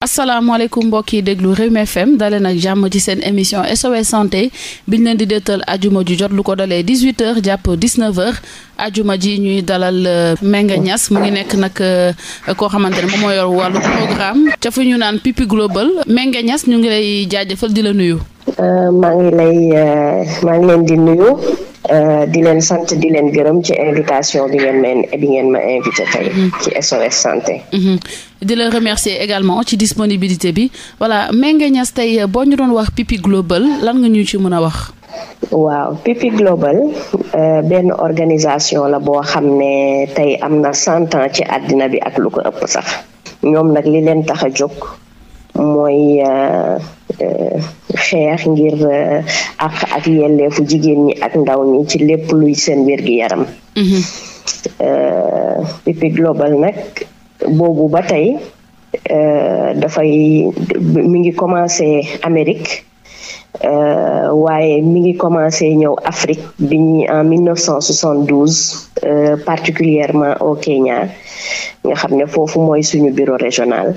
asalaamaaleykum mbokk yi déglu Rewmi FM dalee ak jàmm ci seen émission SOS santé biñ leen di dëttal ajuma ju jot lu ko dalee 18h jàpp 19h ajuma ji ñuy dalal euh, Mbengue Niass mu ngi nekk nag euh, koo xamante ne moom moo yor wàllu programme ca fu ñu naan Pipi Global Mbengue Niass ñu ngi lay jaajëfal di la nuyu. Euh, maa ngi leen di nuyu. Euh, di leen sant di leen gërëm ci invitation bi ngeen ma bi ngeen ma invité tey mm-hmm. ci SOS santé. Mm-hmm. di la remercier également ci disponibilité bi voilà nga Niass tey boo ñu doon wax Pipi Global lan nga ñu ci mën a wax. waaw Pipi Global euh, benn organisation la boo xam ne tey am na cent ci àddina bi ak lu ko ëpp sax ñoom nag li leen tax a jóg mooy. Euh, xeex ngir eh, àq ak yelleefu jigéen ñi ak ndaw ñi ci lépp luy seen wér yaram mm-hmm. eh, pipi global nag boobu ba tey eh, dafay mi ngi commencé Amérique Uh, waaye mi ngi commencé ñëw Afrique bi ñu en 1972 uh, particulièrement au Kenya nga xam ne foofu mooy suñu bureau régional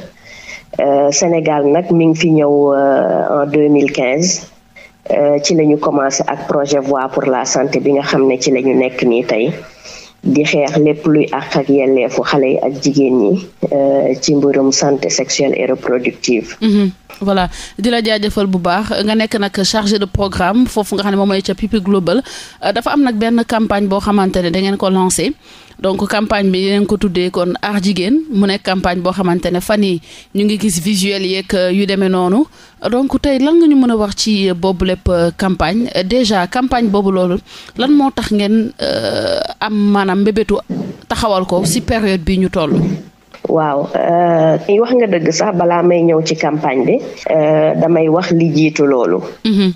Euh, Sénégal nag mi ngi fi ñëw euh, en deux mille quinze euh, ci la ñu commencé ak projet voix pour la santé bi nga xam ne ci la ñu nekk nii tey di xeex lépp luy àq ak yelleefu xale yi ak jigéen ñi euh, ci mbirum santé sexuelle et reproductive. Mhm. voilà di la jaajëfal bu baax nga nekk nag chargé de programme foofu nga xam ne moom mooy ca Pipi Global euh, dafa am nag benn campagne boo xamante ne dangeen ko lancé donc campagne bi dinañ ko tuddee kon aar jigéen mu nekk campagne boo xamante ne fan yi ñu ngi gis visuel yeeg euh, yu demee noonu donc tey lan nga ñu mën a wax ci boobu lépp campagne déjà campagne boobu loolu lan moo tax ngeen am maanaam maanaam mbébétu taxawal ko si période bi ñu toll. waaw euh, wax nga dëgg sax balaa may ñëw ci campagne bi euh, damay wax li jiitu loolu. Mhm.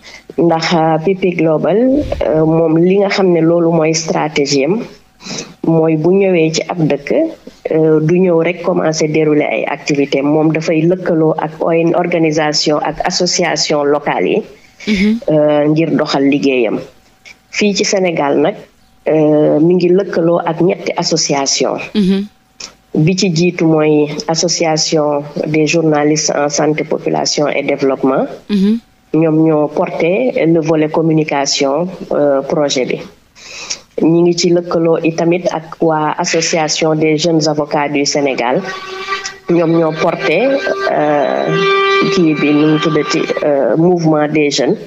ndax PP euh, Global moom li nga xam ne loolu mooy stratégie mooy bu ñëwee ci ab dëkk du ñëw rek commencer dérouler ay activités moom dafay lëkkaloo ak organisation ak association locale yi. Mhm. ngir doxal liggéeyam. fii ci Sénégal nag Euh, mi ngi lëkkaloo ak ñetti association mhm. bi ci jiitu mooy association des journalistes en santé population et développement mhm. ñoom ñoo porté le volet communication euh, projet bi ñi ngi ci lëkkaloo itamit ak waa association des jeunes avocats du Sénégal ñoom ñoo porté euh, kii bi nu mu tuddati mouvement des jeunes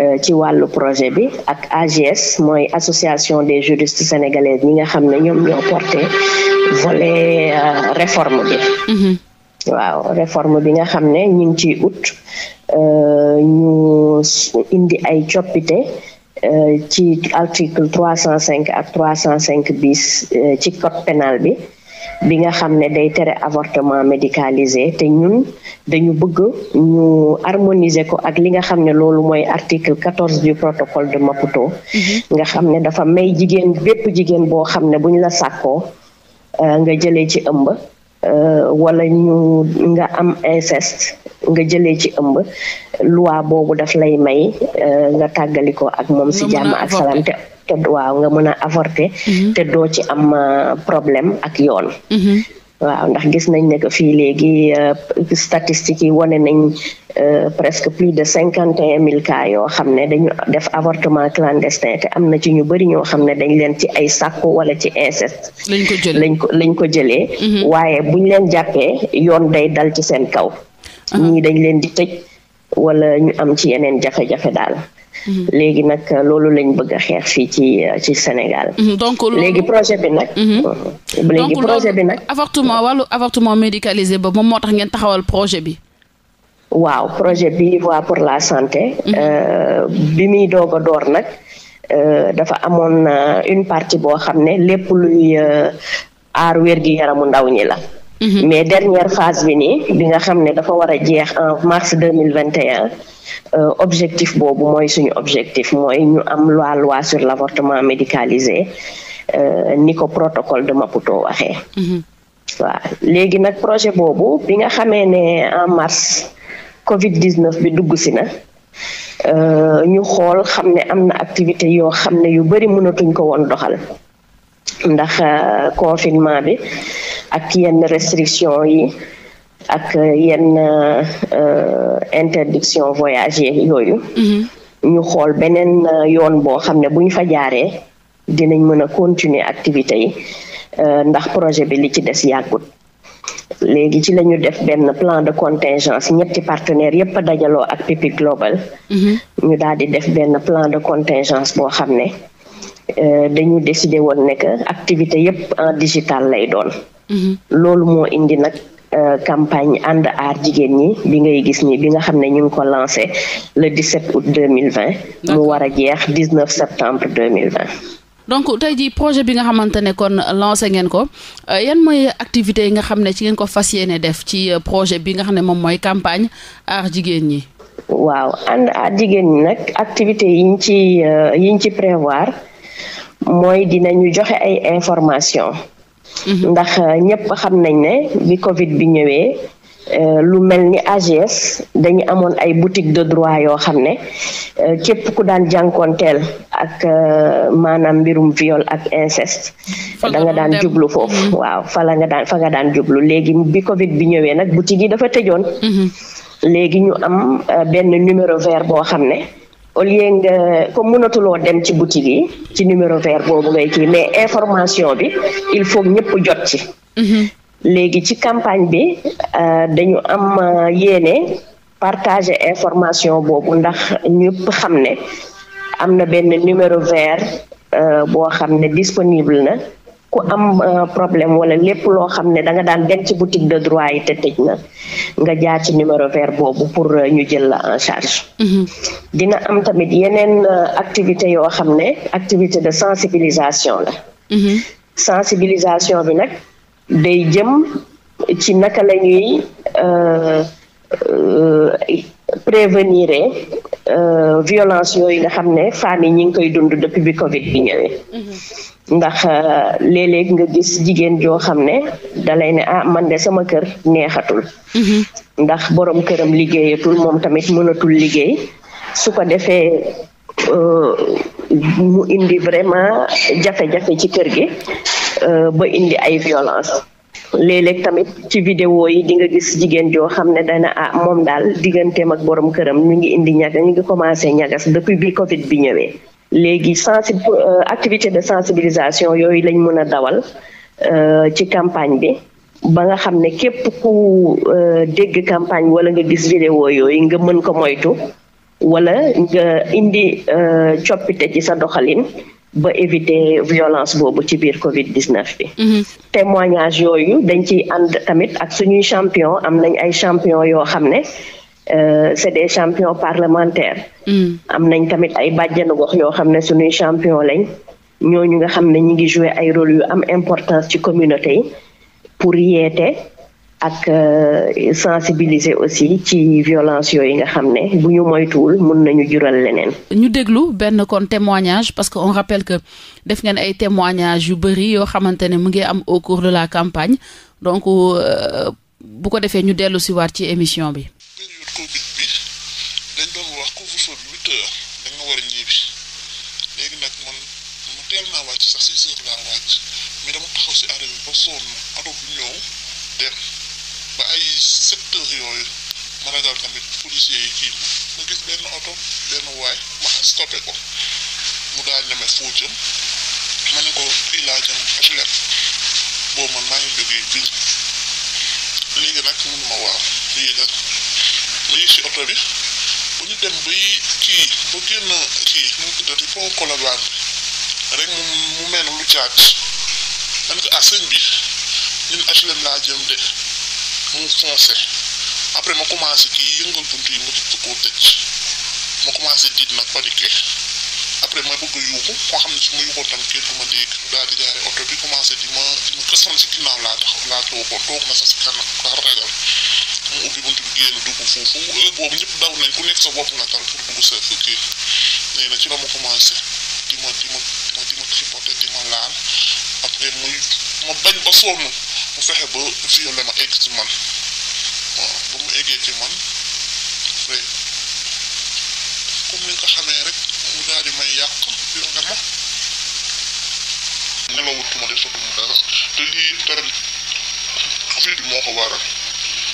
Euh, ci wàllu projet bi ak AGS mooy association des juristes sénégalaises ñi nga xam ne ñoom ñoo porté volet euh, réforme bi mhm. waaw réforme bi nga xam ne ñu ngi ciy ut euh, ñu indi ay coppite ci article trois cent cinq ak trois cent cinq bis ci code pénal bi bi nga xam ne day tere avortement médicalisé te ñun dañu bëgg ñu harmoniser ko ak li nga xam ne loolu mooy article quatorze du protocole de Maputo. Mhm. nga xam ne dafa may jigéen bépp jigéen boo xam ne bu ñu la sàkkoo euh, nga jëlee ci ëmb. Euh, wala ñu nga am inceste nga jëlee ci ëmb loi boobu daf lay may euh, nga tàggalikoo ak moom si jàmm ak salaam te waaw nga mën a avorter. Mhm. te doo ci am euh, problème ak yoon. Mhm. waaw ndax gis nañ ne que fii léegi euh, statistiques yi wane nañ euh, presque plus de cinquante et mille cas yoo xam ne dañu def avortement clandestin te am na ci ñu bëri ñoo xam ne dañ leen ci ay sàkku wala ci inceste lañ ko jëlee lañ ko lañ ko jëlee. Mhm. waaye buñ leen jàppee yoon day dal ci seen kaw. Ah. ñii dañ leen di tëj wala ñu am ci yeneen jafe-jafe daal. Mhm. léegi nag euh, loolu lañ bëgg a xeex fii ci euh, ci Sénégal. Mhm, donc léegi projet bi nag. Mhm. léegi projet bi nag. avortement wàllu avortument médicalisé ba moom moo tax ngeen taxawal projet bi. waaw projet bi voix pour la santé. Euh, bi muy doog a door nag dafa amoon une partie boo xam ne lépp luy aar wér gi yaramu ndaw ñi la. Mm-hmm. mais dernière phase bi nii bi nga xam ne dafa war a jeex en mars deux mille vingt et euh, objectif boobu mooy suñu objectif mooy ñu am loi loi sur l'avortement médicalisé euh, ni ko protocole de Maputo waxee. Mm-hmm. waaw léegi nag projet boobu bi nga xamee ne en mars Covid 19 bi dugg si na. Euh, ñu xool xam ne am na activité yoo xam ne yu bari mënatuñ ko woon doxal ndax confinement bi ak yenn restriction yi ak yenn euh, interdiction voyage yooyu mm-hmm. ñu xool beneen euh, yoon boo xam ne bu ñu fa jaaree dinañ mën a continuer activité yi euh, ndax projet bi li ci des yàggut léegi ci la ñu def benn plan de contingence ñetti partenaires yépp a dajaloo ak pipi global mm-hmm. ñu daal di def benn plan de contingence boo xam ne dañu décider woon ne que activité yépp en digital lay doon loolu moo indi nag euh, campagne ànd aar jigéen ñi bi ngay gis ni bi nga xam ne ñu ngi ko lancé le 17 août 2020 mu war a jeex 19 septembre 2020 donc tey jii projet bi nga xamante ne kon lancé ngeen ko euh, yan mooy activités yi nga xam ne ci ngeen ko fas yéene def ci euh, projet bi nga xam ne moom mooy campagne aar jigéen ñi waaw ànd aar jigéen ñi nag activité yiñ ci yiñ ci prévoir mooy dinañu joxe ay information Mhm. ndax euh, ñëpp xam nañ ne bi Covid bi ñëwee Uh, lu mel ni AGS dañu amoon ay boutique de droit yoo xam ne euh, képp ku daan jànkoonteel ak uh, maanaam mbirum viol ak inceste da nga daan jublu foofu mhm. waaw fa daan fa daan jublu léegi bi Covid bi ñëwee nag boutique yi dafa tëjoon mm léegi ñu am euh, benn numéro vert boo xam ne au lieu nga comme mënatuloo dem ci boutique yi ci numéro vert boobu ngay kii mais information bi il faut ñëpp jot ci. Mhm. léegi ci campagne bi euh, dañu am euh, yéene partager information boobu ndax ñëpp xam ne am na benn numéro vert euh, boo xam ne disponible na. ku am euh, problème wala lépp loo xam ne da nga daan dem ci boutique de droit yi te tëj na nga jaar ci numéro vert boobu pour euh, ñu jël la en charge. Mm-hmm. dina am tamit yeneen euh, activité yoo xam ne activité de sensibilisation la. Mm-hmm. sensibilisation bi nag day jëm ci naka la ñuy prévenir violence yooyu nga xam ne femmes yi ñi ngi koy dund depuis Covid bi ñëwee. Mm-hmm. ndax euh, léeg-léeg nga gis jigéen joo xam ne dalay ne ah man de sama kër neexatul mhm. ndax borom këram liggéeyatul moom tamit mënatul liggéey su ko defee euh, mu indi vraiment jafe-jafe ci kër gi euh, ba indi ay violence léeg tamit ci vidéo yi di nga gis jigéen joo xam ne dana ah moom daal digganteem ak borom këram ñu ngi indi ñaga ñu ngi commencé ñagas depuis bi Covid bi ñëwee léegi sensi euh, activité de sensibilisation yooyu lañ mën a dawal euh, ci campagne bi ba nga xam ne képp ku euh, dégg campagne wala nga gis vidéo yooyu nga mën ko moytu wala nga indi coppite ci sa doxalin ba éviter violence boobu ci biir Covid 19 bi. Mhm. témoignage yooyu dañ ci ànd tamit ak suñuy champion am nañ ay champion yoo xam ne. Euh, c'est des champions parlementaires. Mm. am nañ tamit ay bàjjanu gox yoo xam ne suñuy champion lañ ñooñu nga xam ne ñu ngi jouer ay rôle yu am importance ci communauté yi pour yeete ak euh, sensibiliser aussi ci violence yooyu nga xam ne bu ñu moytuwul mun nañu jural leneen. ñu déglu benn kon témoignage parce que on rappelle que def ngeen ay témoignages yu bëri yoo xamante ne mu ngi am au cours de la campagne donc euh, bu ko defee ñu dellu si waat ci émission bi. Covid bi dañ doon wax couvre-feu bi huit heures da war a ñibbi léegi nag man mu teel naa wàcc sax six heures laa wàcc mais dama taxaw si arrêt bi ba sonn oto bu ñëw dem ba ay sept heures yooyu ma ragal tamit policiers yi kii ma gis benn oto benn waay ma stoppé ko mu daal ñeme foo jëm ma ne ko fii laa jëm HLM boobu man maa ngi jógee biir léegi nag mun ma waaw yéegal lii ci oto bi bu ñu dem bay kii ba génn kii nu mu tuddati pont Colobane rek mu mu mel lu jaat man ko ah sëñ bi ñun HLM laa jëm de mu foncé après ma commencé kii yëngal bunt yi mu jëkk koo tëj ma commencé diit nag paniqué après ma bëgg yuuxu koo xam ne su ma yuuxoon tam kenn du ma dégg daal di jaare oto bi commencé di ma di ma si ginnaaw laa tax laa toogoon toog na sax si kanam daa ragal mu ubbi bunt bi génn dugg foofu heure boobu ñëpp daw nañ ku nekk sa bopp nga tal pour dugg sa si nee na ci la ma commencé di ma di ma di ma di ma laal après muy ma bañ ba sonn mu fexe ba violé ma egg ci man ba mu eggee ci man comme ni ko xamee rek di may yàq violé ma nelawutuma defatu mu moo ko waral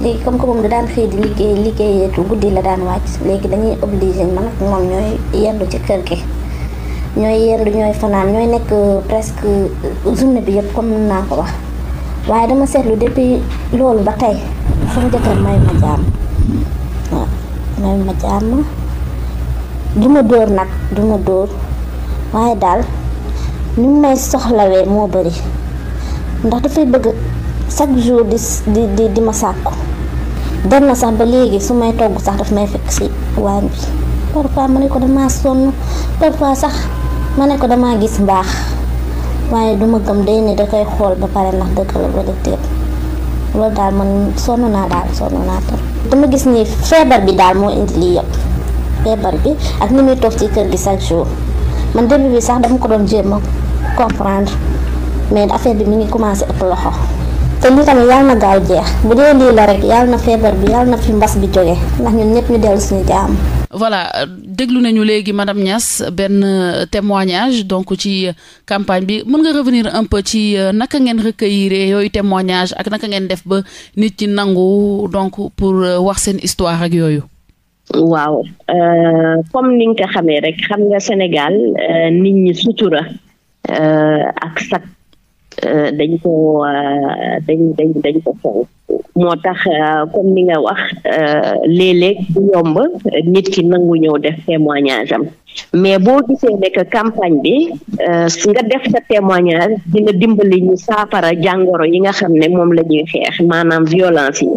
léegi comme que moom da daan xëy di liggéey liggéeyeetu guddi la daan wàcc léegi dañuy obligé man ak moom ñooy yendu ci kër gi ñooy yendu ñooy fanaan ñooy nekk euh, presque euh, journée bi yëpp comme nun naa ko wax waaye dama seetlu depuis loolu ba tey sama jëkkër may ma jàmm waaw ma jàmm du dóor nag duma dóor waaye daal ni may soxlawee moo bëri ndax dafay bëgg chaque jour di di di di ma sàkku dem na sax ba léegi su may togg sax daf may fekk si waañ bi parfois ma ne ko damaa sonn parfois sax ma ne ko damaa gis mbaax waaye du ma gëm day ne da koy xool ba pare ndax dëgg la loolu daal man sonn naa daal sonn naa trop dama gis ni feebar bi daal moo indi lii feebar bi ak ni muy toog ci kër gi chaque jour man début bi sax dama ko doon jéem a comprendre mais affaire bi mi ngi commencé ëpp loxo. te lii tamit yàlla na gaaw jeex bu dee lii la rek yàlla na feebar bi yàlla na fi mbas bi jóge ndax ñun ñëpp ñu dellu suñu jaam. voilà déglu nañu léegi madame ñas benn témoignage donc ci campagne bi mën nga revenir un peu ci euh, naka ngeen recueillir yooyu témoignage ak naka ngeen def ba nit ci nangu donc pour euh, wax seen histoire ak yooyu. waaw euh, comme ni nga ko xamee rek xam nga Sénégal nit ñi sutura ak sakk. Euh, dañ ko euh, dañ dañ ko fonk moo tax euh, comme ni nga wax léeg-léeg bu yomb nit ki nangu ñëw def témoignage mais boo gisee ne que campagne bi nga def sa témoignage dina dimbali ñu saafara jàngoro yi nga xam ne moom la ñuy xeex maanaam violence yi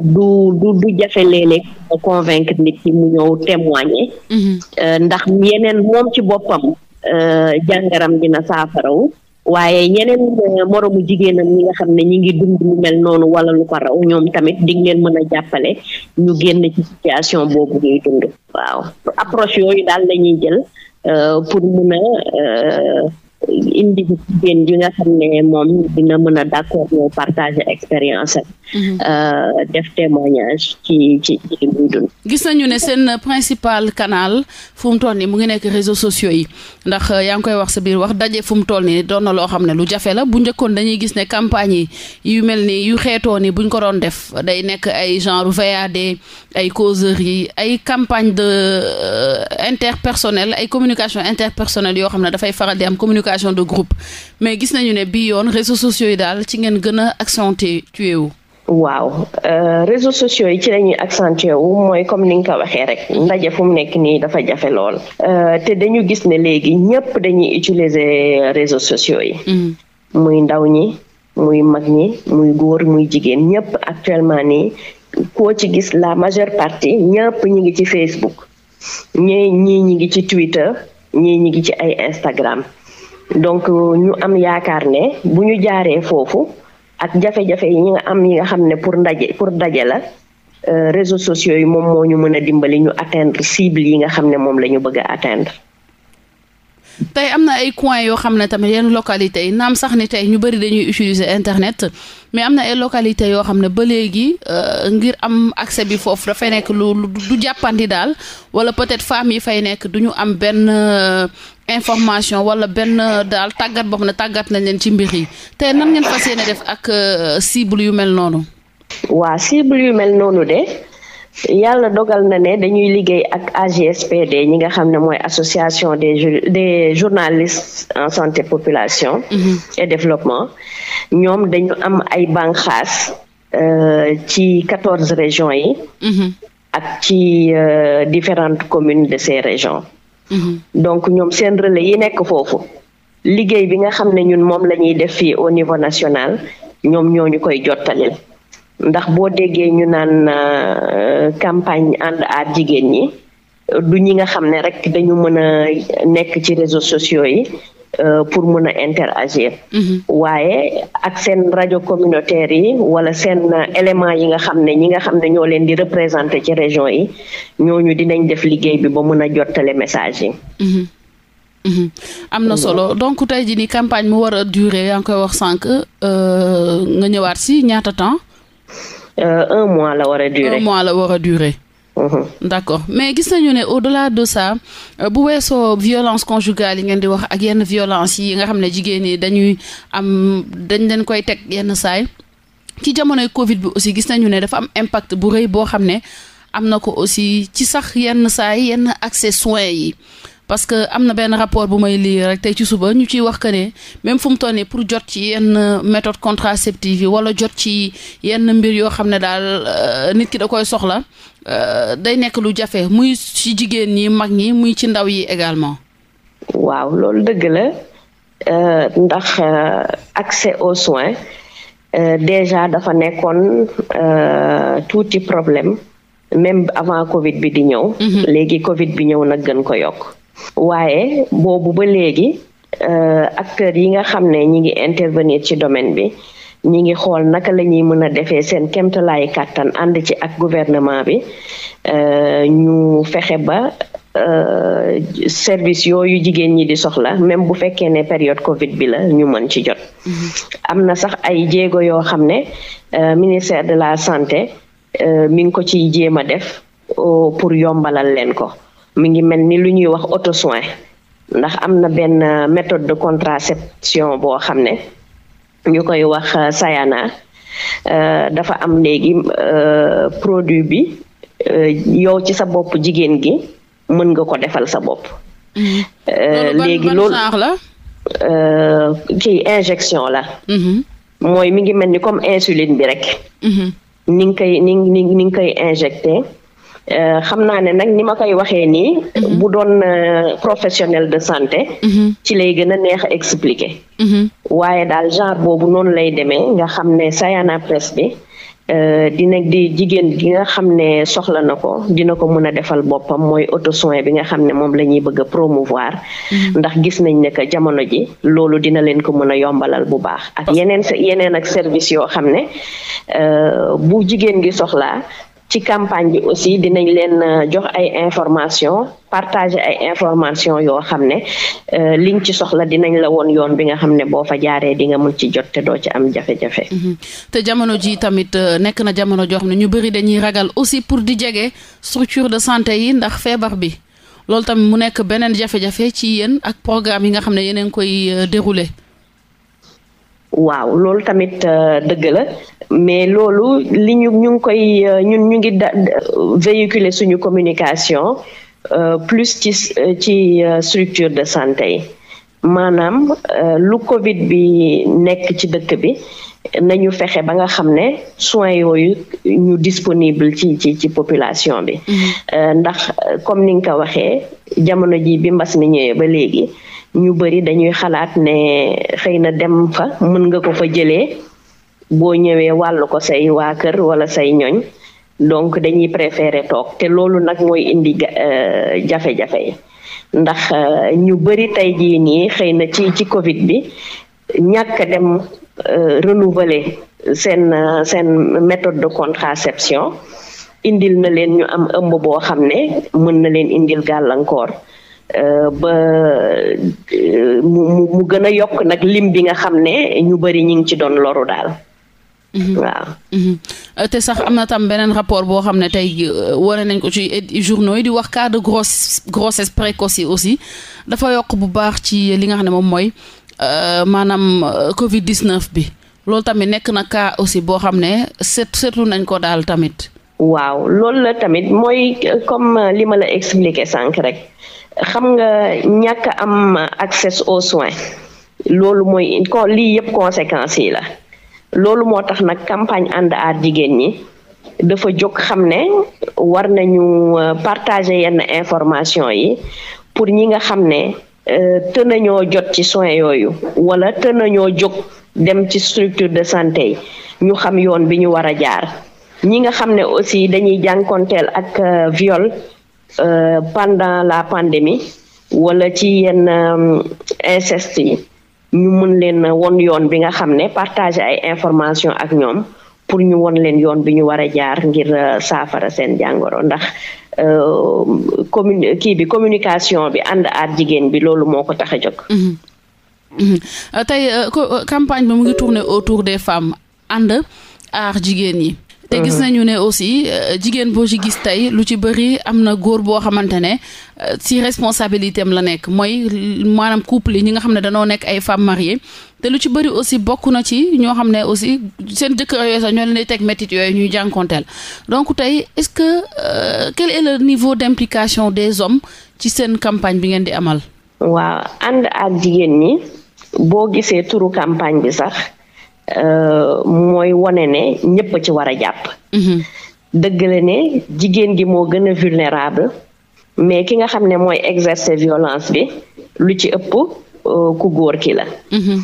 du du jafe léeg-léeg convaincre nit ki mu ñëw témoigner mm-hmm. ndax yeneen moom ci boppam jàngaram dina saafarawu waaye ñeneen euh, moroomu jigéenam ñi nga xam ne ñi ngi dund mu mel noonu wala lu ko raw ñoom tamit di ngeen mën a jàppale ñu génn ci situation boobu ñuy dund waaw approche yooyu daal la ñuy jël euh, pour mën a euh, indi jigéen ji nga xam ne moom dina mën a d'accord ñoo partager expérience Mhm. Euh, def témoignage ci ci ci gis nañu ne seen principal kanaal fu mu toll nii mu ngi nekk réseau sociaux yi ndax euh, yaa ngi koy wax sa biir wax daje fu mu toll nii doon na loo xam ne lu jafe la bu njëkkoon dañuy gis ne campagne yi yu mel ni yu xeetoo ni buñ ko doon def day nekk ay genre VAD ay causeries ay campagne de euh, interpersonnel ay communication interpersonnelle yoo xam ne dafay faral di am communication de groupe mais gis nañu ne bii yoon réseaux sociaux yi daal ci ngeen gën a accentué wu waaw euh, réseaux sociaux yi ci la ñuy accentuer wu mooy comme ni nga ko waxee rek ndaje fu nekk nii dafa jafe lool euh, te dañu gis ne léegi ñëpp dañuy utiliser réseaux sociaux yi. Mm. muy ndaw ñi muy mag ñi muy góor muy jigéen ñëpp actuellement ni koo ci gis la majeure partie ñëpp ñi ngi ci Facebook ñii ñii ñi ngi ci Twitter ñii ñi ngi ci ay Instagram donc ñu am yaakaar ne bu ñu jaaree foofu. ak jafe-jafe yi ñi nga am yi nga xam ne pour ndaje pour ndaje la euh, réseaux sociaux yi moom moo ñu mën a dimbali ñu atteindre cible yi nga xam ne moom la ñu bëgg a atteindre. am na ay coins yoo xam ne tamit yenn localité yi naam sax ni tey ñu bëri dañuy utiliser internet mais am na ay localité yoo xam ne ba léegi euh, ngir am accès bi foofu dafay nekk lu du jàppandi daal wala peut-être femmes yi fay nekk du ñu am benn euh, information wala benn euh, daal tàggat boo na tàggat nañ leen ci mbir yi te nan ngeen fas yéene def ak euh, cible yu mel noonu. waa cible yu mel noonu de yàlla dogal na ne dañuy liggéey ak AGSPD ñi nga xam ne mooy association des des journalistes en santé population. Mhm. et développement ñoom dañu am ay bànqaas euh, ci quatorze régions yi. Mhm. ak ci différentes communes de ces régions. donc ñoom seen relais yi nekk foofu liggéey bi nga xam ne ñun moom la ñuy def fii au niveau national ñoom ñoo ñu koy jottalil ndax boo déggee ñu naan euh, campagne ànd aar jigéen ñi du ñi nga xam ne rek dañu mën a nekk ci réseaux sociaux yi Euh, pour mën a interagir. Mhm. waaye ak seen rajo communautaire yi wala seen élément yi nga xam ne ñi nga xam ne ñoo leen di représenté ci région yi ñooñu dinañ def liggéey bi ba mën a jottalee message yi. Mhm. Mhm. am na solo donc tey jii ni campagne mu war a durer yaa ngi koy wax sànq euh, nga ñëwaat si ñaata temps. Euh, un mois la war a durer mois la war a durer. Mm-hmm. d'accord mais gis nañu ne au la de ça euh, bu weesoo violence conjugale yi ngeen di wax ak yenn violence yi nga xam ne jigéen ñi dañuy am dañ leen koy teg yenn saay ci jamonoy Covid bi aussi gis nañu ne dafa am impact bu rëy boo xam ne am na ko aussi ci sax yenn saay yenn accès soins yi. parce que am na benn rapport bu may lii rek tey ci suba ñu ciy wax que ne même fum mu pour jot ci yenn méthode contraceptive yi wala jot ci yenn mbir yoo xam ne daal euh, nit ki da koy soxla euh, day nekk lu jafe muy ci jigéen ñi mag ñi muy ci ndaw yi également. waaw loolu dëgg la euh, ndax accès aux soins déjà dafa nekkoon tuuti problème même avant Covid bi di ñëw. Mhm. léegi Covid bi ñëw nag gën ko yokk. waaye boobu ba léegi euh, acteurs yi nga xam ne ñi ngi intervenir ci domaine bi ñi ngi xool naka la ñuy mën a defee seen kemtalaay kàttan ànd ci ak gouvernement bi euh, ñu fexe ba euh, service yooyu jigéen ñi di soxla même bu fekkee ne période Covid bi la ñu mën ci jot. Mm-hmm. am na sax ay jéego yoo xam ne ministère de la santé mi ngi ko ciy jéem a def pour yombalal leen ko. mi ngi mel ni lu ñuy wax auto soin ndax am na benn euh, méthode de contraception boo xam ne ñu koy wax euh, sayana euh, dafa am léegi produit bi yow ci sa bopp jigéen gi mën nga ko defal sa bopp. Mm-hmm. léegi loolu kii injection la. Mm-hmm. mooy mi ngi mel ni comme insuline bi rek. Mm-hmm. ni nga koy ni ni nga koy injecté. Euh, xam naa ne nag ni ma koy waxee nii. Mhm. bu doon euh, professionnel de santé. Mhm. ci lay gën a neex a expliquer. Mhm. waaye daal genre boobu noonu lay demee nga xam ne sayana presse bi. Euh, dina di jigéen gi nga xam ne soxla na ko dina ko mën a defal boppam mooy auto soin bi nga xam ne moom la ñuy bëgg a promouvoir ndax gis nañ ne que jamono ji loolu dina leen ko mën a yombalal bu baax ak yeneen yeneen ak service yoo xam ne bu jigéen gi soxlaa ci campagne bi aussi dinañ leen euh, jox ay information partage ay information yoo xam ne euh, liñ ci soxla dinañ la woon yoon bi nga xam ne boo fa jaaree di nga mun ci jot te doo ci am jafe-jafe. Mhm. te jamono ji tamit euh, nekk na jamono jox na ñu bëri dañuy ragal aussi pour di jege structure de santé yi ndax feebar bi loolu tamit mu nekk beneen jafe-jafe ci yéen ak programme yi nga xam ne yéen ngi koy dérouler. waaw loolu tamit euh, dëgg la mais loolu li ñu ñu ngi koy euh, ñun ñu ngi da véhiculer suñu communication euh, plus ci ci structure de santé yi maanaam lu Covid bi nekk ci dëkk bi nañu fexe ba nga xam ne soin yooyu ñu disponible ci ci ci population bi. Mm-hmm. ndax comme ni nga ko waxee jamono ji bi mbas mi ñëwee ba léegi. ñu bëri dañuy xalaat ne xëy na dem fa mën nga ko fa jëlee boo ñëwee wàll ko say waa kër wala say ñoñ donc dañuy préférer toog te loolu nag mooy indi euh, jafe-jafe yi ndax euh, ñu bëri tey jii nii xëy na ci ci Covid bi ñàkk dem euh, renouveler seen seen méthode de contraception indil na leen ñu am ëmb boo xam ne mën na leen indil gàllankoor Euh, ba euh, mu mu gën a yokk nag lim bi nga xam ne ñu bëri ñu ngi ci doon loru daal. Mhm. waaw. Mhm. Euh, te sax am na tam beneen rapport boo xam ne tey wane nañ ko ci journaux yi di wax cas de grosse grossesse précoce yi aussi dafa yokk bu baax ci li nga xam ne moom mooy maanaam Covid 19 bi loolu tamit nekk na cas aussi boo xam ne set seetlu nañ ko daal tamit. waaw loolu la tamit mooy comme li ma la expliqué sànq rek. xam nga ñàkk am accès au soins loolu mooy lii yëpp conséquences yi la loolu moo tax nag campagne ànd aar jigéen ñi dafa jóg xam ne war nañu euh, partager yenn information yi pour ñi nga xam ne euh, te nañoo jot ci soins yooyu wala te nañoo jóg dem ci structure de santé yi ñu xam yoon bi ñu war a jaar ñi nga xam ne aussi dañuy jànkonteel ak euh, viol Euh, pendant la pandémie wala ci yenn euh, inceste yi ñu mën leen won yoon bi nga xam ne partager ay information ak ñoom pour ñu won leen yoon bi ñu war a jaar ngir euh, saafara seen jàngoro ndax commune kii bi communication bi ànd aar jigéen bi loolu moo ko tax a jóg. Mm-hmm. Mm-hmm. tey campagne bi mu ngi tourner autour des femme ànd aar jigéen yi. te gis uh-huh. nañu ne aussi euh, jigéen boo ci gis tey lu ci bëri am na góor boo xamante ne euh, ci responsabilité am la nekk mooy maanaam couple yi ñi nga xam ne danoo nekk ay femmes mariées te lu ci bëri aussi bokk na ci ñoo xam ne aussi seen jëkkër yooyu sax ñoo leen di teg métit yooyu ñuy jànkonteel donc tey est-ce que euh, quel est le niveau d'implication des hommes ci seen campagne bi ngeen di amal. waaw ànd ak jigéen ñi boo gisee turu campagne bi sax. Euh, mooy wane ne ñëpp a ci war a jàpp. Mm-hmm. dëgg la ne jigéen gi moo gën a vulnérable mais ki nga xam ne mooy exercer violence bi lu ci ëpp euh, ku góor ki la. Mm-hmm.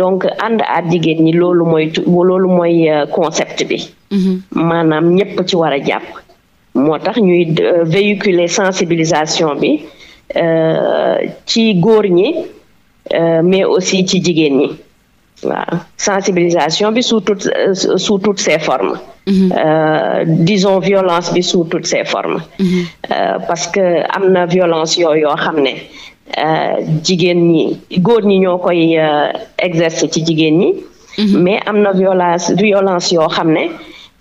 donc ànd ak jigéen ñi loolu mooy loolu mooy euh, concept bi. Mm-hmm. maanaam ñëpp ci war a jàpp. moo tax ñuy véhiculer sensibilisation bi ci góor ñi mais aussi ci jigéen ñi. waaw sensibilisation bi sous toutes euh, sous toutes ses formes mm-hmm. euh, disons violence bi sous toutes ses formes mm-hmm. euh, parce que am na violence yooyu yoo xam ne jigéen ñi góor ñi ñoo koy exercer ci jigéen ñi mm-hmm. mais am na violence violence yoo xam ne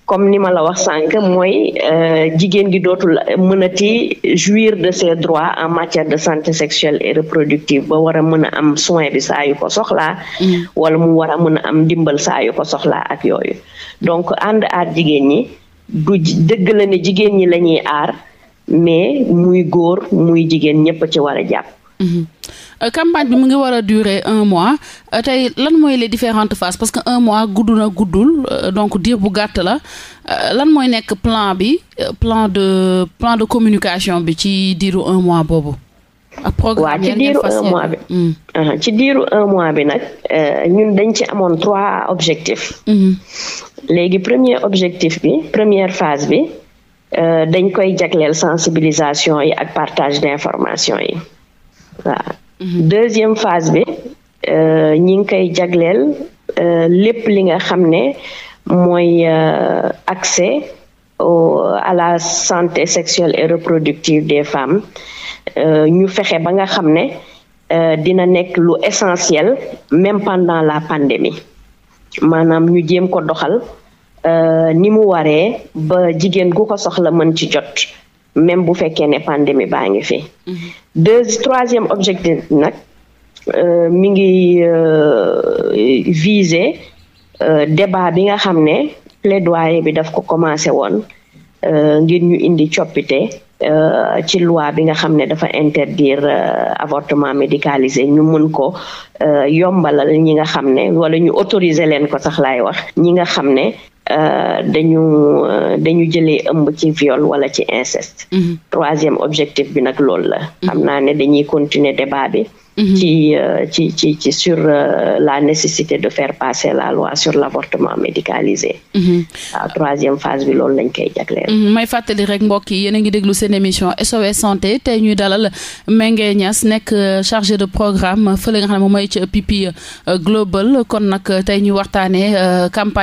comme ni ma la wax sànq mooy euh, jigéen gi dootul mënati jouir de ses droit en matière de santé sexuelle et reproductive ba war a mën a am soin bi saa yu ko soxlaa mm. wala mu war a mën a am dimbal saa yu ko soxlaa ak yooyu donc ànd aar jigéen ñi du dëgg la ne jigéen ñi la ñuy aar mais muy góor muy jigéen ñépp ci war a jàpp mm-hmm. Euh, campagne bi mu ngi war a durer un mois euh, tey lan mooy les différentes phases parce que un mois gudd na guddul euh, donc diir bu gàtt la lan mooy nekk plan bi plan de plan de communication bi ci diiru un mois boobu. waaw ci diiru un mois bi hmm. uh-huh, ci diiru un mois bi nag ñun dañ ci amoon trois objectifs hmm. léegi premier objectif bi première phase bi dañ koy jagleel sensibilisation yi ak partage d'information yi waaw Mm-hmm. deuxième phase bi euh, ñi ngi koy jagleel euh, lépp li nga xam ne mooy euh, accès au à la santé sexuelle et reproductive des femmes ñu fexe ba nga xam ne dina nekk lu essentiel même pendant la pandémie maanaam ñu jéem ko doxal ni mu waree ba jigéen gu ko soxla mën ci jot même bu fekkee ne pandémie baa ngi fi. Mhm. deux troisième objectif nag euh, mi ngi euh, viser euh, débat bi nga xam ne plaidoyer bi daf ko commencé woon ngir ñu indi coppite ci loi bi nga xam ne dafa interdire avortement médicalisé ñu mën ko yombalal ñi nga xam ne wala ñu autoriser leen ko sax laay wax ñi nga xam ne. Euh, dañu euh, dañu jëlee ëmb ci viol wala ci inceste mm-hmm. troisième objectif bi nag loolu la mm-hmm. xam naa ne dañuy continuer débat bi Mm-hmm. ci euh, ci ci ci sur euh, la nécessité de faire passer la loi sur l'avortement médicalisé. Mm-hmm. Mm-hmm. may fàttali rek mbokk yi a ngi déglu seen émission SOS santé tey ñuy dalal Mingué Niass nekk euh, chargé de programme fële nga xam ne moom mooy ci pipi global kon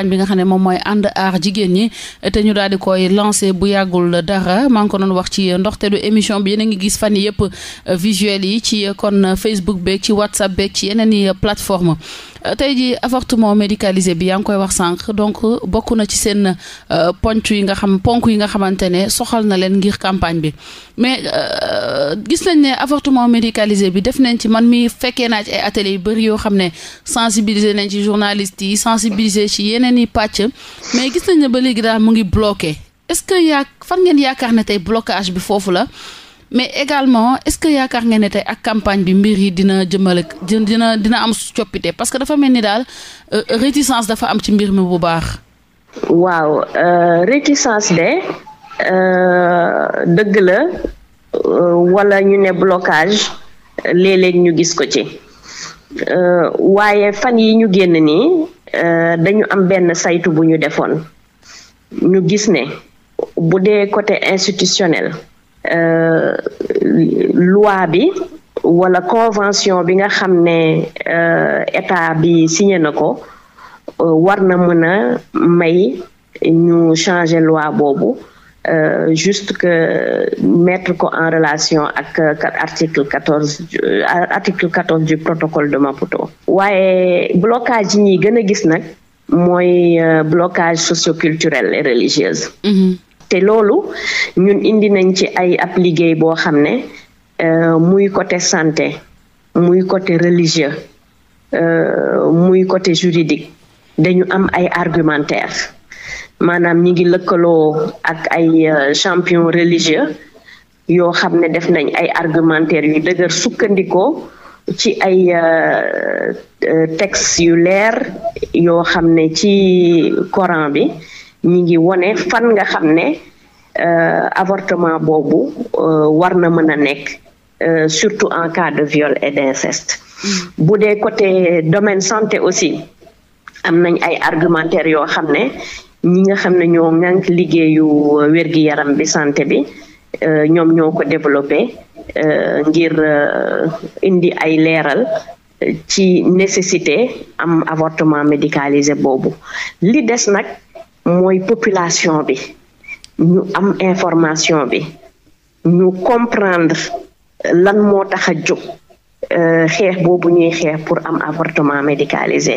bi nga xam ne moom mooy ànd aar jigéen ñi te ñu daal di koy lancé bu yàggul dara maa ngi ko doon wax ci ndoxteelu émission bi yéen a ngi gis fan yëpp visuel yi ci kon Facebook. Facebook beeg ci WhatsApp beeg ci yeneen i euh, plateforme euh, tey ji avortement médicalisé bi yaa ngi koy wax sànq donc euh, bokk na ci seen ponc yi nga xam ponk yi nga xamante ne soxal na leen ngir campagne bi mais gis nañ ne avortement médicalisé bi def nañ ci man mi fekkee naa ci ay ateliers yu bëri yoo xam ne sensibiliser nañ ci journalistes yi sensibiliser ci yeneen i pàcc nañ ba léegi daal mu ngi bloqué est-ce que yaa fan ngeen yaakaar ne tey blocage bi foofu la mais également est-ce que yaakaar nga ne tey ak campagne bi mbir yi dina jëmale dina dina am coppite parce que dafa mel ni daal euh, réticence dafa am ci mbir mi bu baax. waaw euh, réticence de euh, dëgg la walla ñu ne blocage léeg-léeg ñu gis ko ci waaye fan yi ñu génn nii dañu am benn saytu bu ñu defoon ñu gis ne bu dee côté institutionnel. Euh, loi bi wala convention bi nga xam ne euh, état bi signé na ko euh, war na mën a may ñu changer loi boobu Euh, juste que mettre ko en relation ak article quatorze article quatorze du protocole de Maputo. waaye blocage yi ñuy gën a gis nag mooy blocage socioculturel et religieuse. Mm te loolu ñun indi nañ ci ay ab liggéey boo xam ne euh, muy côté santé muy côté religieux euh, muy côté juridique dañu am ay argumentaire maanaam ñi ngi lëkkaloo ak ay euh, champion religieux yoo xam ne def nañ ay argumentaire yu dëgër sukkandikoo ci ay tex yu leer yoo xam ne ci Coran bi ñi ngi wone fan nga xam ne euh, avortement boobu euh, war na mën a nekk euh, surtout en cas de viol et d'inceste mm. bu dee côté domaine santé aussi am nañ ay argumentaire yoo xam ne ñi nga xam ne ñoo ŋànk liggéeyu wérgi yaram bi santé bi ñoom ñoo ko développé ngir indi ay leeral ci nécessité am avortement médicalisé boobu li des nag mooy population bi ñu am information bi ñu comprendre lan moo tax a jóg euh, xeex boobu ñuy xeex pour am avortement médicalisé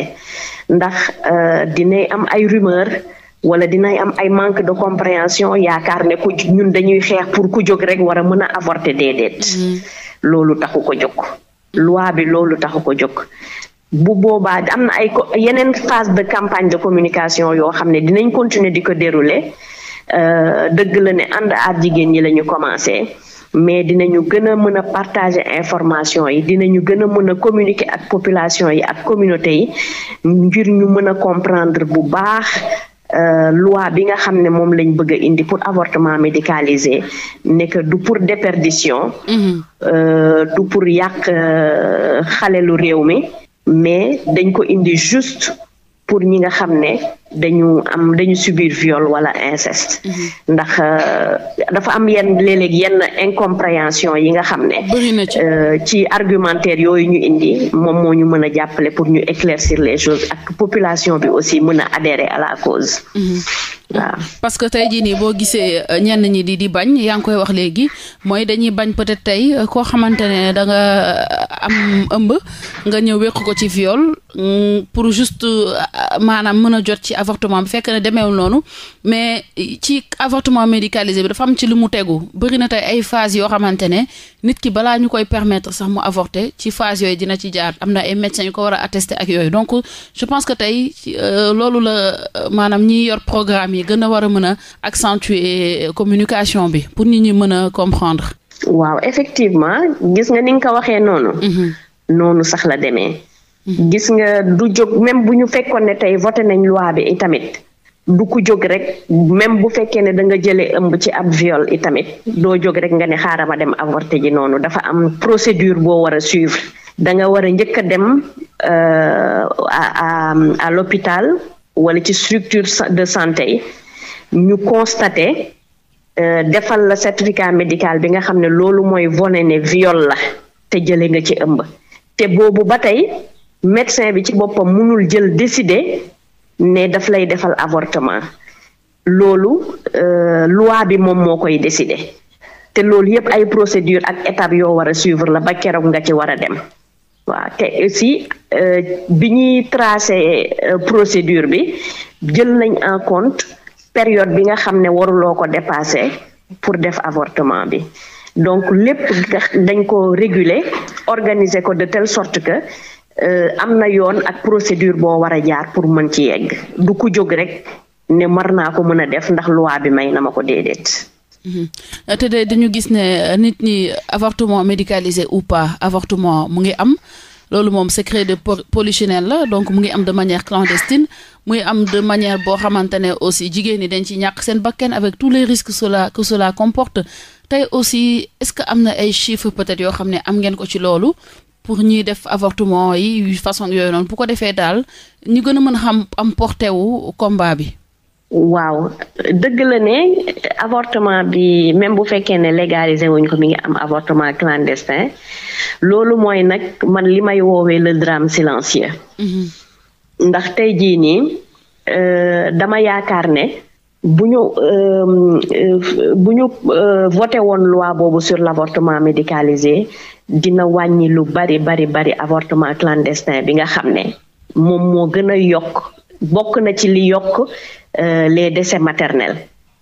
ndax euh, dinay am ay rumeur wala dinay am ay manque de compréhension yaakaar ne ku ñun dañuy xeex pour ku jóg rek war a mën a avorter déedéet. Mm. loolu taxu ko jóg. loi bi loolu taxu ko jóg bu boobaa am na ay yeneen phase de campagne de communication yoo xam ne dinañ continuer di ko dérouler euh, dëgg la ne ànd aar jigéen ñi la ñu commencé mais dinañu gën a mën a partager information yi dinañu gën a mën a communiquer ak population yi ak communauté yi ngir ñu mën a comprendre bu baax euh, loi bi nga xam ne moom lañ bëgg a indi pour avortement médicaliser ne que du pour déperdition. Mm-hmm. Euh, du pour yàq xale lu réew mi. mais dañ ko indi juste pour ñi nga xam ne dañu am dañu subir viol wala inceste. Mhm. ndax euh, dafa am yenn léeg-léeg yenn incompréhension yi nga xam ne. Euh, ci argumentaire yooyu ñu indi moom moo ñu mën a jàppale pour ñu éclaircir les choses ak population bi aussi mën a adhérer à la cause. Mhm. parce que tey jii nii boo gisee euh, ñenn ñi di di bañ yaa ngi koy wax léegi mooy dañuy bañ peut-être tey koo xamante ne da nga am ëmb nga ñëw wékk ko ci viol mm, pour juste maanaam mën a jot ci. avortement bi fekk na demeewul noonu mais ci avortement médicalisé bi dafa am ci lu mu tegu bëri na tey ay phase yoo xamante ne nit ki balaa ñu koy permettre sax mu avorter ci phase yooyu dina ci jaar am na ay médecins yu ko war a attester ak yooyu donc je pense que tey euh, loolu la euh, maanaam ñi yor programme yi gën a war a mën a accentuer euh, communication bi pour nit ñi mën a comprendre. waaw effectivement gis nga ni nga ko waxee noonu. Mhm. noonu sax la demee. gis nga du jóg même bu ñu fekkoon ne tey voté nañ loi bi itamit du ku jóg rek même bu fekkee ne da nga jëlee ëmb ci ab viol itamit doo jóg rek nga ne xaaral ma dem avorté ji noonu dafa am procédure boo war a suivre da nga war a njëkk a dem euh, à à l'hôpital wala ci structure de santé ñu constaté euh, defal la certificat médical bi nga xam ne loolu mooy vole ne viol la te jëlee nga ci ëmb te boobu ba tey médecin bi ci boppam mënul jël décider ne daf lay defal avortement loolu euh, loi bi moom moo koy décider te loolu yëpp ay procédure ak étape yoo war a suivre la ba keroog nga ci war a dem waaw te aussi euh, bi ñuy tracé euh, procédure bi jël nañ en compte période bi nga xam ne waruloo ko dépasser pour def avortement bi donc lépp dañ ko réguler organiser ko de telle sort que Euh, am na yoon ak procédure boo war a jaar pour mën ci yegg du ko jóg rek ne mar naa ko mën a def ndax loi bi may na ma ko déedéet. Mhm. Euh, te de dañu gis ne euh, nit ñi avortement médicalisé ou pas avortement mu ngi am loolu moom secret de polichinelle la donc mu ngi am de manière clandestine muy am de manière boo xamante ne aussi jigéen ñi dañ ci ñàkk seen bakkan avec tous les risques cela que cela comporte tey aussi est-ce que am na ay chiffres peut-être yoo xam ne am ngeen ko ci loolu pour ñuy def avortement yi façon yooyu noonu bu ko defee daal ñu gën a mën a xam am porté wu combat bi. waaw dëgg la ne avortement bi même bu fekkee ne légaliser wuñ ko mi ngi am avortement clandestin loolu mooy nag man li may woowee le drame silencier mhm. ndax tey jii nii euh, dama yaakaar ne bu ñu euh, euh, bu ñu voté woon loi boobu sur l' avortement médicalisé dina wàññi lu bari bari bari avortement clandestin bi nga xam ne moom moo gën a yokk bokk na ci li yokk euh, les décès maternels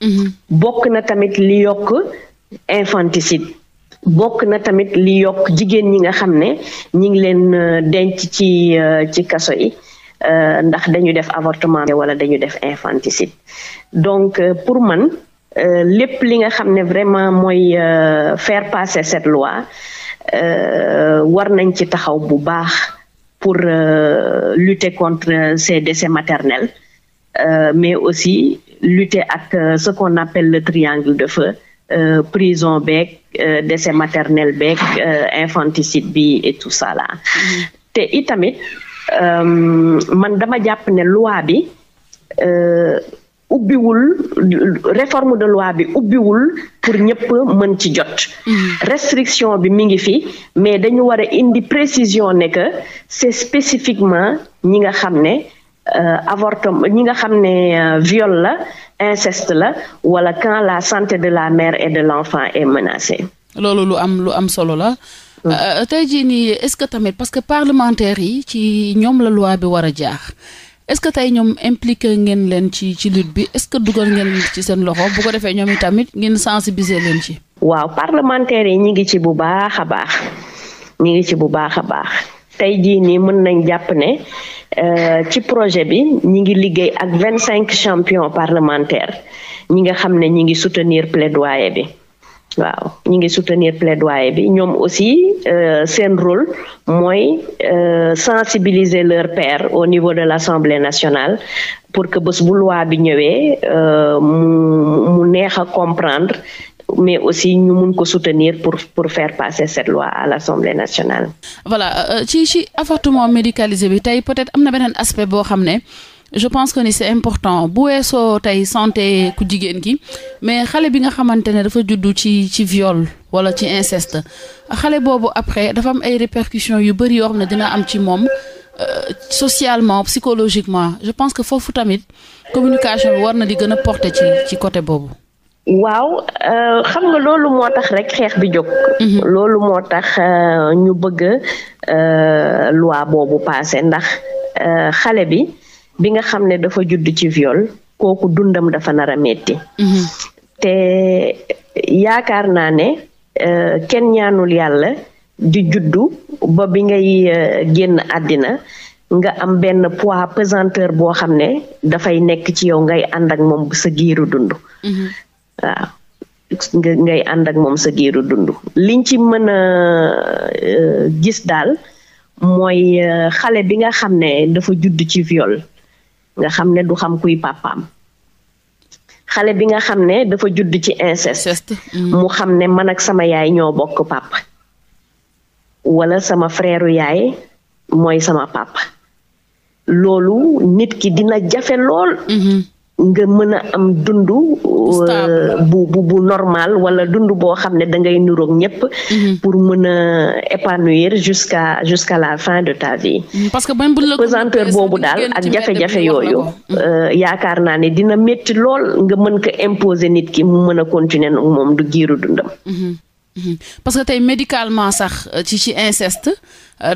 mm -hmm. bokk na tamit li yokk infanticide bokk na tamit li yokk jigéen ñi nga xam ne ñi ngi leen euh, denc ci euh, ci kaso yi euh, ndax dañu def avortement wala dañu def infanticide donc pour man lépp li nga xam ne vraiment mooy faire passer cette loi Euh, war nañ ci taxaw bu baax pour euh, lutter contre ces décès maternels euh, mais aussi lutter ak ce qu'on appelle le triangle de feu prison beeg décès maternel beeg infanticide bi et tout ça te itamit man dama jàpp ne loi bi ubbiwul réforme de loi bi ubbiwul kër ñëpp mën ci jot. Mm-hmm. restriction bi mi ngi fi mais dañu war a indi précision ne que c'est spécifiquement ñi nga xam ne euh, avortement ñi nga xam ne euh, viol la inceste la wala quand la santé de la mère et de l'enfant et menacée. loolu lu am lu am solo la. Mm. Euh, tey jii nii est-ce que tamit parce que parlementaires yi ci ñoom la loi bi war a jaar. est-ce que tey ñoom impliqué ngeen leen ci ci lutte bi est-ce que dugal ngeen ci seen loxo bu ko defee ñoom itamit ngeen sensibiliser leen ci. waaw parlementaires yi ñu ngi ci bu baax a baax ñu ngi ci bu baax a baax tey jii nii mën nañ jàpp ne euh, ci projet bi ñi ngi liggéey ak vingt cinq champions parlementaires ñi nga xam ne ñi ngi soutenir plaidoyer bi. waaw ñu ngi soutenir plaidoyer bi ñoom aussi euh, seen rôle mooy euh, sensibiliser leur père au niveau de l'Assemblée nationale pour que bés bu loi bi ñëwee euh, mu mu neex a comprendre mais aussi ñu mun ko soutenir pour pour faire passer cette loi à l'Assemblée nationale. voilà ci ci avortement médicalisé bi tey peut-être am na beneen aspect boo xam ne. je pense que ni c'est important bu weesoo tey santé ku jigéen gi mais xale bi nga xamante ne dafa juddu ci ci viol wala ci inceste xale boobu après dafa am ay répercussions yu bëri yoo xam dina am ci moom euh, socialement psychologiquement je pense que foofu tamit communication war na di gën a porter ci ci côté boobu. waaw euh, xam nga loolu moo tax rek xeex bi jóg. Mhm. loolu moo tax euh, ñu bëgg loi boobu passé ndax xale bi. bi nga xam ne dafa judd ci viol kooku dundam dafa nar a metti mhm. te yaakaar naa ne uh, kenn ñaanul yàlla di juddu ba bi ngay uh, génn àddina nga am benn poids pesanteur boo xam ne dafay nekk ci yow ngay ànd ak moom sa giiru dund mhm. waaw mm ngay ànd ak moom sa giiru dund liñ ci mën a euh, gis daal mooy euh, xale bi nga xam ne dafa judd ci viol nga xam ne du xam kuy pàppaam xale bi nga xam ne dafa judd ci inceste mm. mu xam ne man sama yaay ñoo bokk pàpp wala sama freeru yaay mooy sama pàpp loolu nit ki dina jafe lool mm-hmm. nga mën a am dund euh, bu normal wala dund boo xam ne da ngay nuroog ñëpp mhm. pour mën a épanouir jusqu'à jusqu'à la fin de ta vie mm, parce que pesanteur boobu daal ak jafe-jafe yooyu mm. euh, yaakaar naa ne dina métti lool nga mën ko imposer nit ki mu mën a continuer nag moom du giiru dundam mhm. Mhm. parce que tey médicalement sax euh, ci ci insest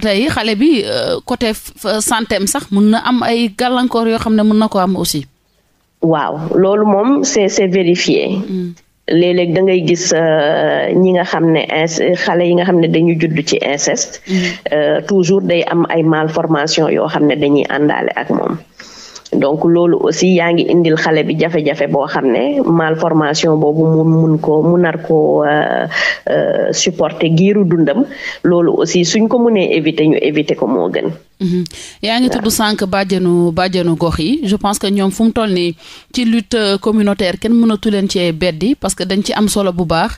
tey xale bi côté santé sax mun na am ay gàllankoor yoo xam ne mun na ko am aussi waaw loolu moom c'est c'est vérifié. Mm. léeg da ngay gis euh, ñi nga xam ne xale yi nga xam ne dañuy judd ci inceste. Mm. Euh, toujours day am ay malformation yoo xam ne dañuy àndaale ak moom. donc loolu aussi yaa ngi indil xale bi jafe-jafe boo xam ne mal formation boobu mu mun ko mu nar ko euh, euh, supporter giiru dundam loolu aussi suñ ko mënee éviter ñu éviter ko moo gën. Mm-hmm. yaa ngi tudd sànq bàjjenu bàjjenu gox yi je pense que ñoom fu mu toll nii ci lutte euh, communautaire kenn mënatu leen cee beddi parce que dañ ci am solo bu baax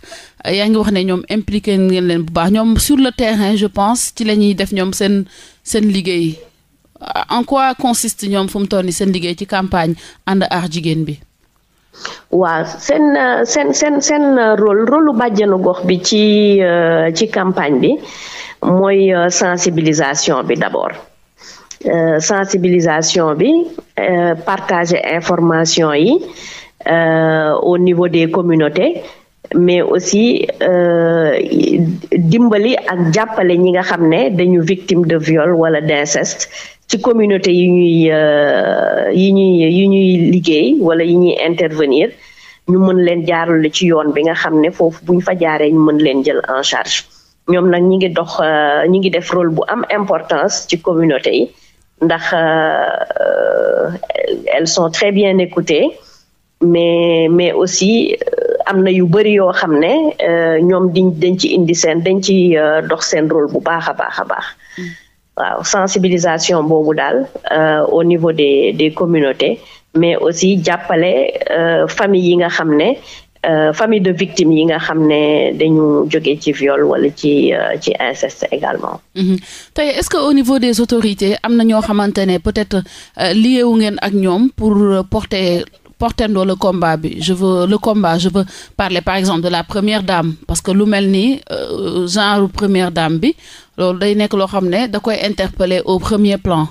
yaa ngi wax ne ñoom impliqué ngeen leen bu baax ñoom sur le terrain je pense ci la ñuy def ñoom seen seen liggéey. en quoi consiste ñoom fu mu toll nii seen liggéey ci campagne ànd aar jigéen bi. waaw seen seen seen seen rôle rôle lu bàjjenu gox bi ci euh, ci campagne bi mooy euh, sensibilisation bi d'abord euh, sensibilisation bi partager information yi au niveau des communauté mais aussi euh, dimbali ak jàppale ñi nga xam ne dañu victime de viol wala d'inceste ci communauté yi ñuy euh, yi ñuy yi ñuy liggéey wala yi ñuy intervenir ñu mën leen jaarale ci yoon bi nga xam ne foofu buñ fa jaaree ñu mën leen jël en charge ñoom nag ñi ngi dox euh, ñi ngi def rôle bu am importance ci communauté yi ndax elles sont très bien écoutées mais mais aussi am na yu bëri yoo xam ne euh, ñoom di dañ ci indi seen dañ ci euh, dox seen rôle bu baax a baax a baax mm. waaw sensibilisation boobu daal euh, au niveau des des communautés mais aussi jàppale famille yi nga xam ne famille de victimes yi nga xam ne dañu jóge ci viol wala ci ci inceste également. Mm-hmm. tey est-ce que au niveau des autorités am na ñoo xamante ne peut-être liyeewu ngeen ak ñoom porter. portendoo le combat bi je veux le combat je veux parler par exemple de la première dame parce que lu mel ni euh, genre première dame bi loolu day nekk loo xam ne da koy interpeller au premier plan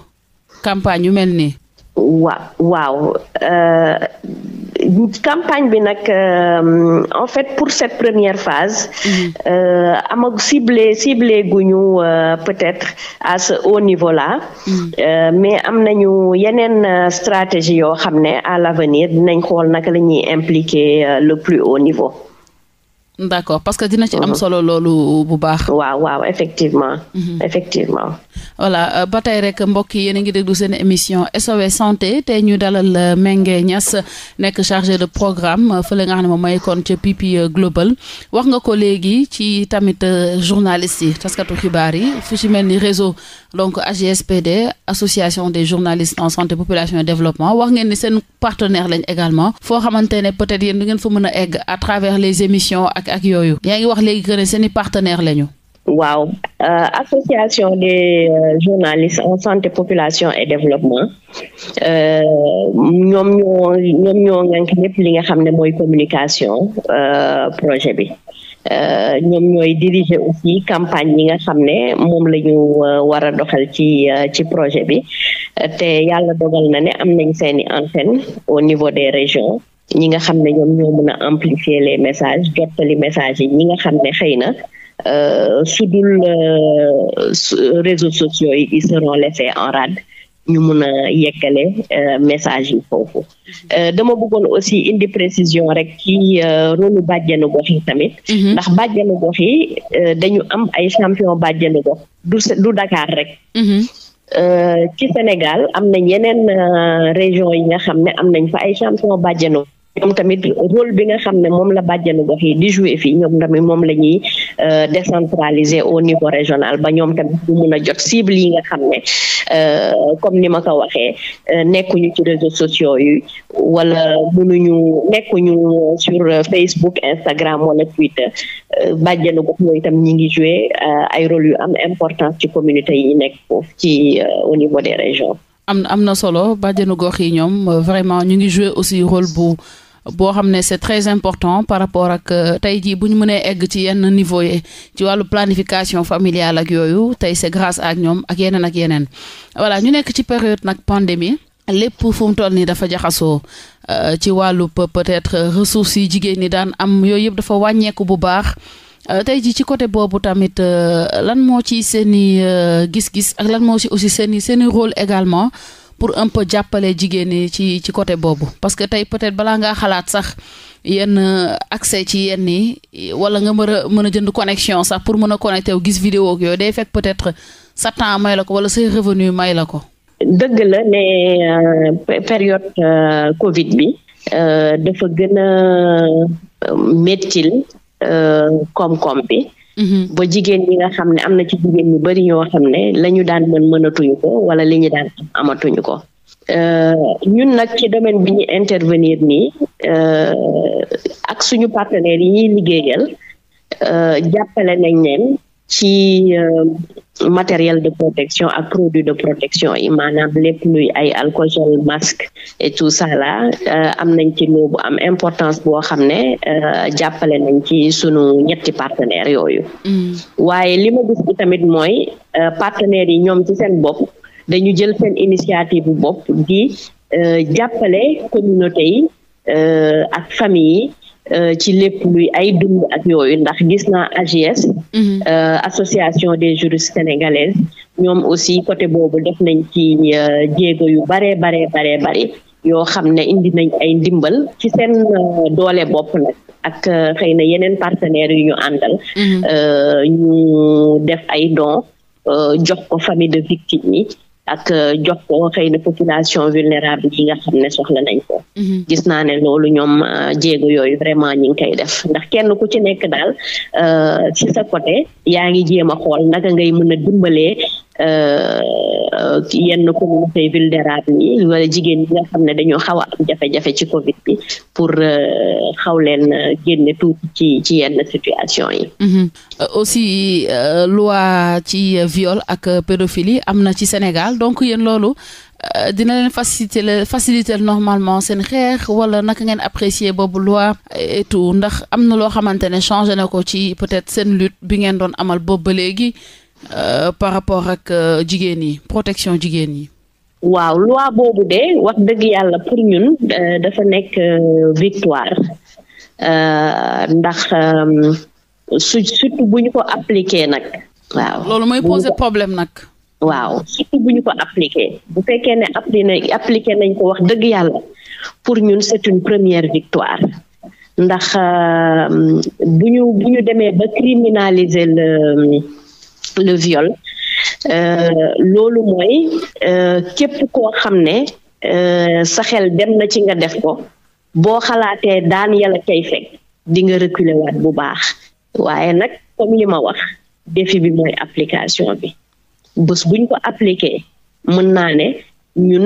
campagne yu mel nii waaw waaw euh, campagne bi nag euh, en fait pour cette première phase mm-hmm. euh, ama ciblé ciblé guñu peut-être à ce haut niveau là mm-hmm. mais am nañu yeneen stratégie yoo xam ne à l'avenir dinañ xool naka lañuy ñuy impliquer le plus haut niveau d' accord parce que dina ci am mhm. solo loolu bu baax. waaw waaw effectivement. Mhm. effectivement. voilà euh, ba tey rek mbokk yéen a ngi déglu seen émission SOS santé tey ñu dalal euh, Mingué ñas nekk chargé de programme euh, fële nga xam ne moom kon ca PPI Global wax nga ko léegi ci tamit journaliste yi taskatu xibaar yi fu ci mel ni réseau. donc AGSPD association des journalistes en santé population et développement wax ngeen ni seen partenaire lañ également foo xamante ne peut-être yéen du ngeen fa mën a egg les émissions ak ak yooyu yaa ngi wax léegi que ne seen i partenaire lañu waaw euh, association des euh, journalistes en santé population et développement euh, ñoom ñoo ñoom ñoo ngànk lépp li nga xam ne mooy communication euh, projet bi Euh, ñoom ñooy diriger aussi campagne yi nga xam ne moom lañu ñu euh, war a doxal ci euh, ci projet bi te yàlla dogal na ne am nañ seeni antenne au niveau des régions ñi nga xam ne ñoom ñoo mën a amplifier les messages jottali messages yi ñi nga xam ne xëy na sudul réseaux sociaux yi ils seront laissés en rade ñu mun a yekkale euh, message yi foofu euh, dama bëggoon aussi indi précision rek ci euh, rôle bàjjenu gox yi tamit mhm. ndax bàjjenu gox yi dañu am ay champion bàjjenu gox du du Dakar rek ki mhm. Sénégal am nañ yeneen région yi nga xam ne am nañ fa ay champion bàjjenu gox ñoom tamit rôle bi nga xam ne moom la bàjjanu gox yi di jouer fii ñoom tamit moom la ñuy euh, décentraliser au niveau régional ba ñoom tamit ñu mun a jot cible yi nga xam ne euh, comme ni ma ko waxee euh, nekkuñu ci réseaux sociaux yi wala mënuñu nekkuñu sur Facebook Instagram wala Twitter bàjjanu gox yooyu tam ñi ngi jouer ay rôle yu am importance ci communauté yi nekk foofu ci au niveau des régions. am am na solo bàjjenu gox yi ñoom vraiment ñu ngi jouer aussi rôle bu. boo xam ne c'est très important par rapport ak euh, tey jii bu ñu mënee egg ci yenn niveau yi ci wàllu planification familiale ak yooyu tey c'est grâce ak ñoom ak yeneen ak yeneen voilà ñu nekk ci période nag pandémie lépp fu toll nii dafa jaxasoo euh, ci wàllu peut-être ressources yi jigéen ñi daan am yooyu yëpp dafa wàññeeku bu baax euh, tey jii ci côté boobu tamit lan moo ci seeni i gis-gis ak lan moo ci aussi seen i seen rôle également pour un peu jàppale jigéen ñi ci ci côté boobu parce que tey peut-être balaa ngaa xalaat sax yenn euh, accès ci yenn yi wala nga mën a mën a jënd connexion sax pour mën a connecté wu gis vidéo ak yooyu day fekk peut-être sa temps may la ko wala say revenu may la ko. dëgg la ne euh, période euh, Covid bi dafa gën a méttil koom bi. Mm-hmm. ba jigéen ñi nga xam ne am na ci jigéen ñu bari ñoo xam ne la ñu daan mën mënatuñu ko wala li ñu daan amatuñu ko. Euh, ñun nag ci domaine bi ñu intervenir nii euh, ak suñu partenaires yi ñuy liggéeyal euh, jàppale nañ leen ci euh, matériel de protection ak produit de protection yi maanaam lépp luy ay alcool gel masque et tout ça euh, am nañ ci loobu am importance boo xam ne euh, jàppale nañ ci sunu ñetti partenaires yooyu mm. waaye li ma gis bi tamit mooy partenaires yi ñoom ci seen bopp dañu jël seen initiative bu bopp di jàppale communauté yi ak famille yi Euh, ci lépp luy ay dund ak yooyu ndax gis naa AGS mhm. euh, association des juristes sénégalaises ñoom aussi côté boobu def nañ ci euh, jéego yu baree baree baree bare yoo xam ne indi nañ ay ndimbal ci seen doole bopp nag ak xëy na yeneen partenaires yu ñu àndal mhm. ñu def ay dons jox ko famille de victimes yi ak euh, jox ko xëy na population vulnérable yi nga xam ne soxla nañ ko. Mhm. gis naa ne loolu ñoom euh, jéego yooyu vraiment ñu ngi koy def ndax kenn ku ci nekk daal ci euh, sa côté yaa ngi jéem a xool naka ngay mën a dimbalee Euh, euh, yenn communauté vulnérable yi wala jigéen ñi nga xam ne dañoo xaw am jafe-jafe ci Covid bi pour euh, xaw leen génne ci ci yenn situation yi. Mhm. aussi loi ci viole ak pédophilie am na ci Sénégal donc yéen loolu dina leen faciliter faciliter normalement seen xeex wala naka ngeen apprécier boobu loi et ndax am na loo xamante ne changé na ko ci peut-être seen lutte bi ngeen doon amal boobu léegi. Euh, par rapport ak euh, jigéen yi protection jigéen yi waaw loi boobu de wax dëgg yàlla pour ñun euh, dafa nekk victoire ndax su surtout bu ñu ko appliquer nag waaw loolu mooy poser problème nag waaw surtout bu ñu ko appliquer bu fekkee ne appliqué nañ ko wax dëgg yàlla pour ñun c'est une première victoire ndax bu ñu bu ñu demee ba criminaliser le le viol euh, loolu mooy euh, képp koo xam ne euh, sa xel dem na ci nga def ko boo xalaatee daan yàlla kay fekk di nga reculer waat bu baax waaye nag comme li ma wax défi bi mooy application bi bés buñ ko appliquer mën naa ne ñun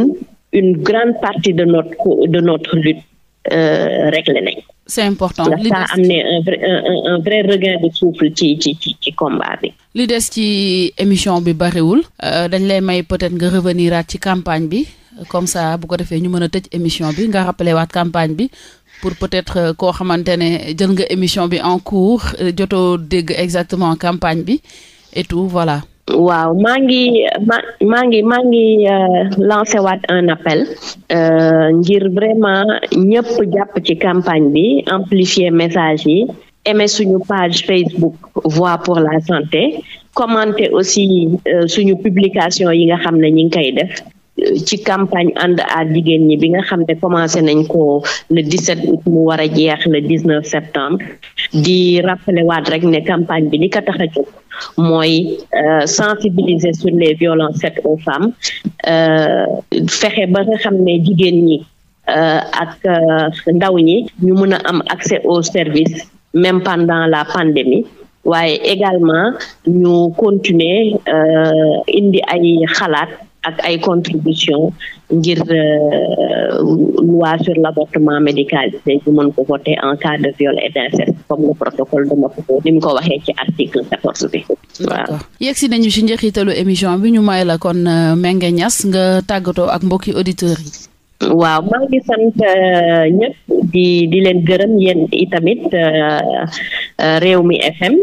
une grande partie de notre de notre lutte Euh, réglé nañ ko. c'est important li des am ne un ci ci ci bi. li des ci émission bi bariwul. Euh, dañ lay may peut-être nga revenir aat ci campagne bi comme ça bu ko defee ñu mën a tëj émission bi nga rappelé waat campagne bi. pour peut-être euh, koo xamante ne jël nga émission bi en cours jotoo dégg exactement campagne bi et tout voilà. waaw maa ngi maa maa ngi maa ngi uh, lancé waat un appel uh, ngir vraiment ñëpp jàpp ci campagne bi amplifier message yi aimer suñu page Facebook Voix pour la santé commenter aussi uh, suñu publication yi nga xam ne ñi ngi koy def euh, ci campagne ànd aar jigéen ñi bi nga xam ne commencé nañ ko le 17 août mu war a jeex le 19 septembre di rappeler waat rek ne campagne bi li ko tax a mooy euh, sensibiliser sur les violences faites aux femmes euh, fexe ba nga xam ne jigéen ñi euh, ak ndaw ñi ñu mën a am accès aux services même pendant la pandémie waaye également ñu continuer indi ay xalaat ak ay contribution ngir euh, loi sur l'avortement médicalisé ñu mën ko voter en cas de viol et d'inceste comme le protocole de Maputo ni mu ko waxee ci article quatorze bi waaw yegg si nañu si njeexitalu émission bi ñu may la kon euh, Mingue ñas nga tàggatoo ak mbokki auditeurs yi waaw maa ngi sant euh, ñëpp di di leen gërëm yéen itamit réew mi FM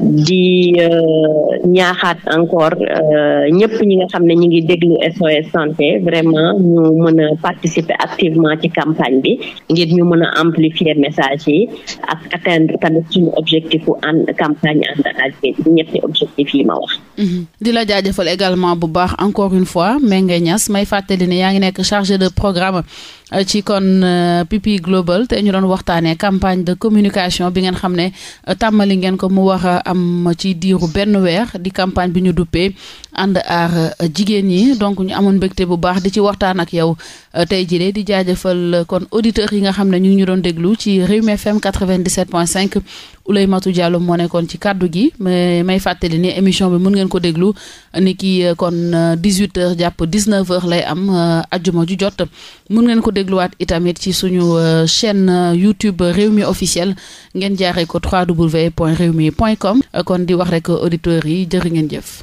di euh, ñaaxaat encore euh, ñëpp ñi nga xam ne ñi ngi déglu SOS santé vraiment ñu mën a participer activement ci campagne bi ngir ñu mën a amplifier message yi ak atteindre tamit suñu objectif u an campagne ànd ak ñetti objectif yi ma wax mhm. di la jaajëfal également bu baax encore une fois Mbengue Niass may fàttali ne yaa ngi nekk chargé de programme ci kon euh, Pipi Global te ñu doon waxtaanee campagne de communication bi ngeen xam ne euh, tàmbali ngeen ko mu war a am ci diiru benn weer di campagne bi ñu duppee ànd aar jigéen ñi donc ñu amoon mbégte bu baax di ci waxtaan ak yow euh, tey jii di jaajëfal kon auditeurs yi nga xam ne ñu ngi ñu doon déglu ci Rewmi FM 97.5. matu Diallo moo nekkoon ci kàddu gi mais may fàttali ni émission bi mën ngeen ko déglu ni ki euh, kon 18 euh, heures jàpp 19 heures lay am ajjuma euh, ju jot mun ngeen ko dégluwaat itamit ci suñu chaîne YouTube mi officiel ngeen jaaree ko point point réew mi www.rewmi.com kon di wax rek auditeurs yi jëri ngeen jëf